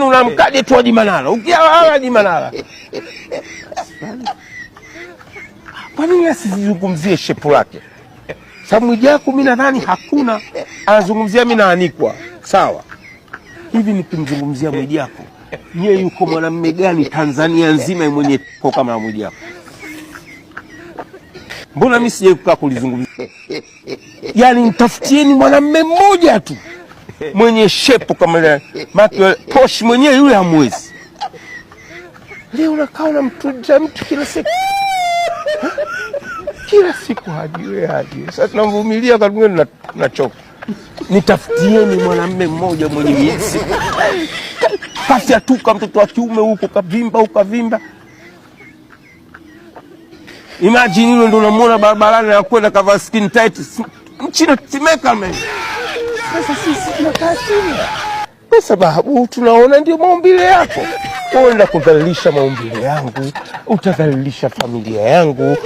Unamkaje tu Haji Manara, ukiawa Haji Manara, kwa nini asizungumzie shepu lake? Sababu Mwijaku mimi nadhani hakuna anazungumzia, mimi naanikwa sawa hivi. Nikimzungumzia Mwijaku, yeye yuko mwanamume gani Tanzania nzima mwenye ko kama Mwijaku? Mbona mimi sijai kukaa kulizungumzia? Yaani, mtafutieni mwanamume mmoja tu mwenye shepo kama ile maana posh mwenyewe yule hamwezi. Leo unakaa na mtu kila siku kila siku hajue hajiwe. Sasa tunamvumilia karibuni, tunachoka. Nitafutieni mwanamume mmoja mwenye mizi kasi atuka mtoto wa kiume huko kavimba kavimba. Imagine hilo ndio unamwona barabarani, anakwenda kavaa skin tight, mchina timeka mimi sasa sisi tunakaa chini, kwa sababu tunaona ndio maumbile yako. Uenda kudhalilisha maumbile yangu, utadhalilisha familia yangu.